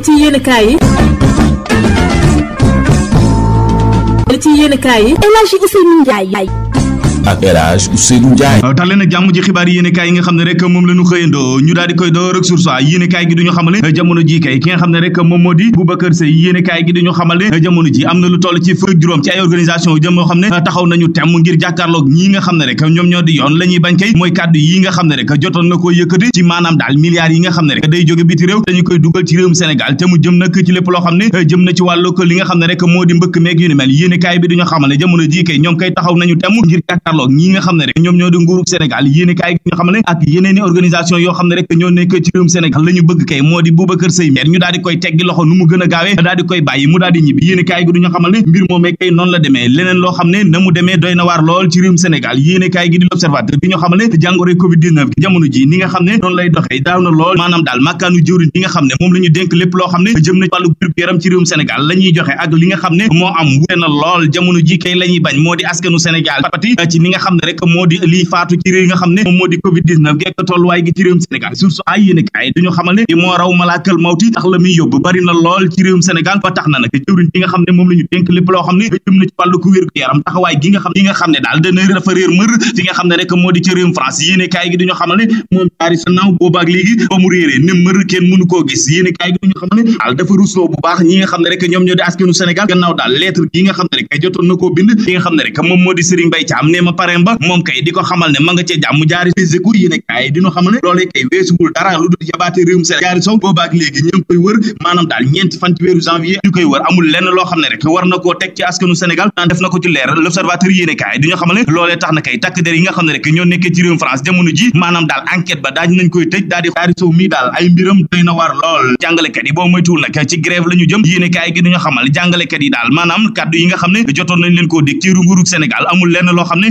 ci yenn yi. ci yenn kaay yi. El Hadji ak El Hadj taxaw nañu temm ngir jàkkaarloog ñi nga xam ne rek ñoom ñoo di yoon la bañ kay mooy kàddu yi nga xam ne rek jotoon na ko yëkkati ci maanaam daal milliards yi nga xam ne rek day jóge biti réew dañu koy dugal ci réewum Sénégal te mu jëm nag ci lépp loo xam ne jëm na ci wàllu ko li nga xam ne rek moo di mbëkk meeg yu ni mel yéene bi duñu xamal ne jamono ji kay ñoom kay taxaw nañu temm ngir jàkkaarloog jàkkaarloog ñi nga xam ne rek ñoom ñoo di nguurug Sénégal yéen i kaay gi nga xam ne kay a gi du ñu xamal ne mbir moomee kay noonu la demee leneen loo xam ne na mu demee doy na waar lool ci réewum Sénégal yéen i gi di l'observateur bi ñu xamal ne jàngoro covid 19 gi jamono ji ni nga xam ne noonu lay doxee daaw na lool maanaam daal màkkaanu jëwriñ yi nga xam ne moom la ñu lépp loo xam ne jëm na wàllu yaram ci réewum Sénégal la joxe ak nga xam ne moo am wute ni nga xam ne rek moo di lii faatu ci réew yi nga xam ne moom moo di covid 19 gekk tolluwaay gi ci réewum Sénégal source ma parrain ba moom kay di xamal ne ma cee daal ñeenti kaddu yi nga xam ne jotoon nañ leen koo dégg ci nguurug Sénégal amul lenn loo xam ne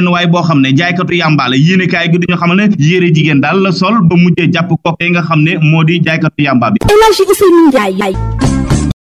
benn waay boo xam ne jaaykatu yàmbaa la yéene kaay gi duñu xamal ne yére jigéen daal la sol ba mujjee jàpp kooku yi nga xam ne moo di jaaykatu yàmbaa bi El Hadji Ousseynou Ndiaye